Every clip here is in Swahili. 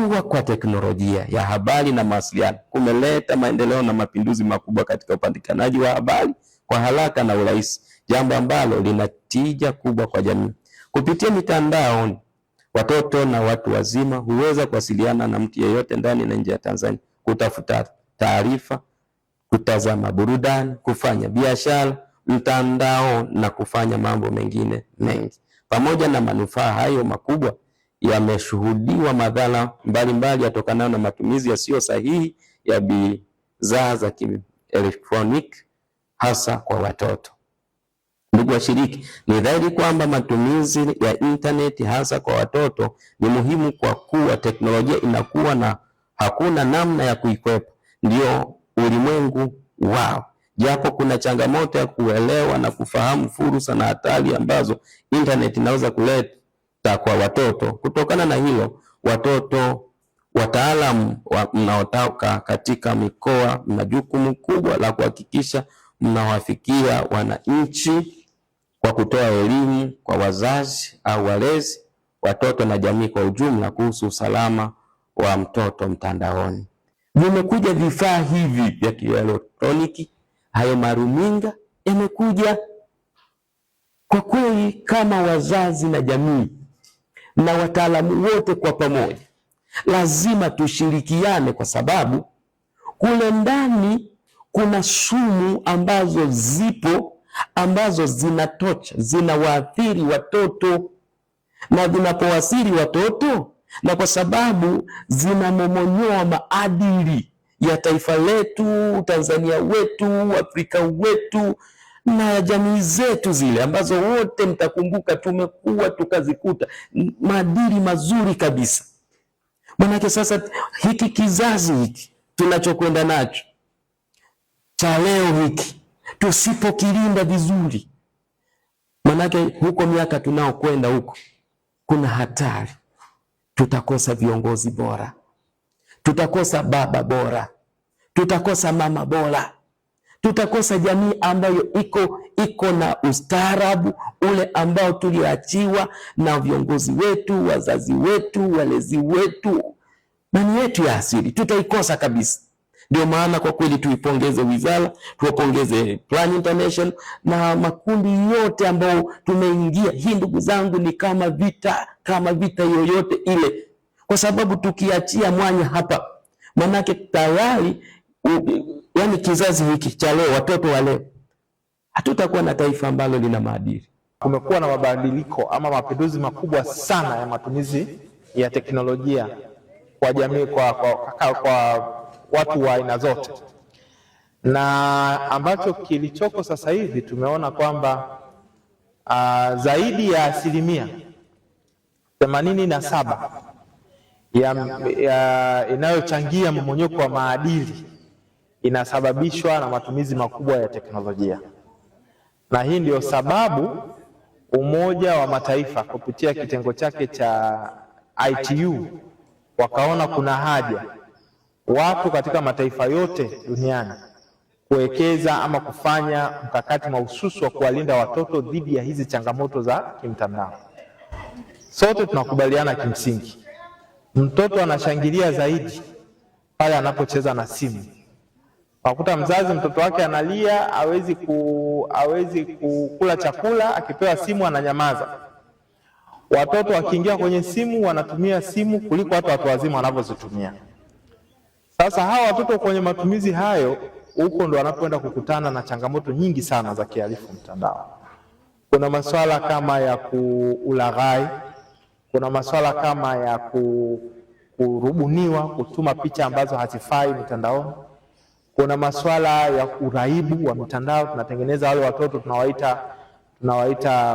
kukua kwa teknolojia ya habari na mawasiliano kumeleta maendeleo na mapinduzi makubwa katika upatikanaji wa habari kwa haraka na urahisi, jambo ambalo lina tija kubwa kwa jamii. Kupitia mitandao, watoto na watu wazima huweza kuwasiliana na mtu yeyote ndani na nje ya Tanzania, kutafuta taarifa, kutazama burudani, kufanya biashara mtandao na kufanya mambo mengine mengi. Pamoja na manufaa hayo makubwa yameshuhudiwa madhara mbalimbali yatokanayo na matumizi yasiyo sahihi ya bidhaa za kielektroniki hasa kwa watoto. Ndugu washiriki, ni dhahiri kwamba matumizi ya intaneti hasa kwa watoto ni muhimu kwa kuwa teknolojia inakuwa na hakuna namna ya kuikwepa, ndio ulimwengu wao. Japo kuna changamoto ya kuelewa na kufahamu fursa na hatari ambazo intaneti inaweza kuleta ta kwa watoto. Kutokana na hilo, watoto wataalamu wa mnaotoka katika mikoa mna jukumu kubwa la kuhakikisha mnawafikia wananchi kwa kutoa elimu kwa wazazi au walezi, watoto na jamii kwa ujumla kuhusu usalama wa mtoto mtandaoni. Vimekuja vifaa hivi vya kielektroniki, hayo maruminga yamekuja. Kwa kweli, kama wazazi na jamii na wataalamu wote kwa pamoja, lazima tushirikiane, kwa sababu kule ndani kuna sumu ambazo zipo ambazo zinatocha zinawaathiri watoto na zinapowaathiri watoto, na kwa sababu zinamomonyoa maadili ya taifa letu, Tanzania wetu, Afrika wetu na jamii zetu zile ambazo wote mtakumbuka tumekuwa tukazikuta maadili mazuri kabisa. Manake sasa hiki kizazi hiki tunachokwenda nacho cha leo hiki tusipokilinda vizuri, manake huko miaka tunaokwenda huko kuna hatari, tutakosa viongozi bora, tutakosa baba bora, tutakosa mama bora tutakosa jamii ambayo iko iko na ustaarabu ule ambao tuliachiwa na viongozi wetu, wazazi wetu, walezi wetu, mani yetu ya asili tutaikosa kabisa. Ndio maana kwa kweli tuipongeze wizara, tuwapongeze Plan International na makundi yote ambayo tumeingia. Hii ndugu zangu, ni kama vita, kama vita yoyote ile, kwa sababu tukiachia mwanya hapa, manake tayari yani kizazi hiki cha leo, watoto wa leo, hatutakuwa na taifa ambalo lina maadili. Kumekuwa na mabadiliko ama mapinduzi makubwa sana ya matumizi ya teknolojia kwa jamii, kwa, kwa, kwa, kwa watu wa aina zote, na ambacho kilichoko sasa hivi tumeona kwamba uh, zaidi ya asilimia themanini na saba ya, ya, inayochangia mmonyoko wa maadili inasababishwa na matumizi makubwa ya teknolojia, na hii ndio sababu Umoja wa Mataifa kupitia kitengo chake cha ITU wakaona kuna haja watu katika mataifa yote duniani kuwekeza ama kufanya mkakati mahususi wa kuwalinda watoto dhidi ya hizi changamoto za kimtandao. Sote tunakubaliana kimsingi, mtoto anashangilia zaidi pale anapocheza na simu Wakuta mzazi mtoto wake analia, hawezi ku hawezi kula chakula, akipewa simu ananyamaza. Watoto wakiingia kwenye simu wanatumia simu kuliko hata watu wazima wanavyozitumia. Sasa hawa watoto kwenye matumizi hayo, huko ndo wanapoenda kukutana na changamoto nyingi sana za kihalifu mtandao. Kuna masuala kama ya kuulaghai, kuna masuala kama ya kurubuniwa, kutuma picha ambazo hazifai mtandaoni kuna masuala ya uraibu wa mitandao, tunatengeneza wale watoto tunawaita tunawaita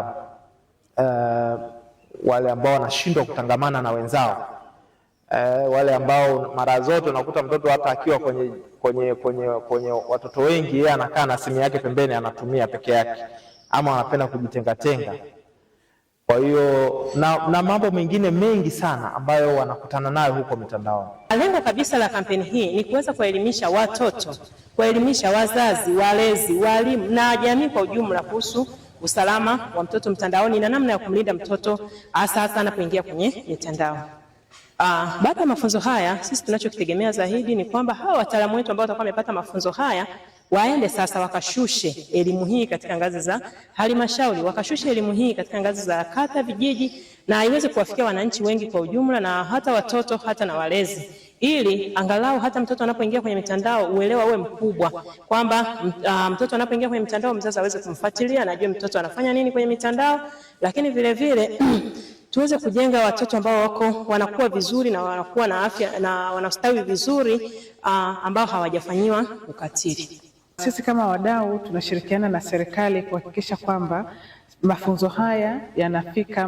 uh, wale ambao wanashindwa kutangamana na wenzao uh, wale ambao mara zote unakuta mtoto hata akiwa kwenye, kwenye, kwenye, kwenye watoto wengi yeye anakaa na simu yake pembeni anatumia peke yake, ama anapenda kujitengatenga. Kwa hiyo na, na mambo mengine mengi sana ambayo wanakutana nayo huko mitandaoni. Lengo kabisa la kampeni hii ni kuweza kuwaelimisha watoto, kuwaelimisha wazazi, walezi, walimu na jamii kwa ujumla kuhusu usalama wa mtoto mtandaoni na namna ya kumlinda mtoto hasa hasa anapoingia kwenye mitandao. Uh, ah, baada ya mafunzo haya sisi tunachokitegemea zaidi ni kwamba hawa wataalamu wetu ambao watakuwa wamepata mafunzo haya waende sasa wakashushe elimu hii katika ngazi za halmashauri, wakashushe elimu hii katika ngazi za kata, vijiji, na iweze kuwafikia wananchi wengi kwa ujumla, na hata watoto hata na walezi ili angalau hata mtoto anapoingia kwenye mitandao uelewa uwe mkubwa kwamba uh, mtoto anapoingia kwenye mitandao mzazi aweze kumfuatilia, ajue mtoto anafanya nini kwenye mitandao, lakini vile vile tuweze kujenga watoto ambao wako wanakuwa vizuri na wanakuwa na afya na wanastawi vizuri uh, ambao hawajafanyiwa ukatili. Sisi kama wadau tunashirikiana na serikali kuhakikisha kwamba mafunzo haya yanafika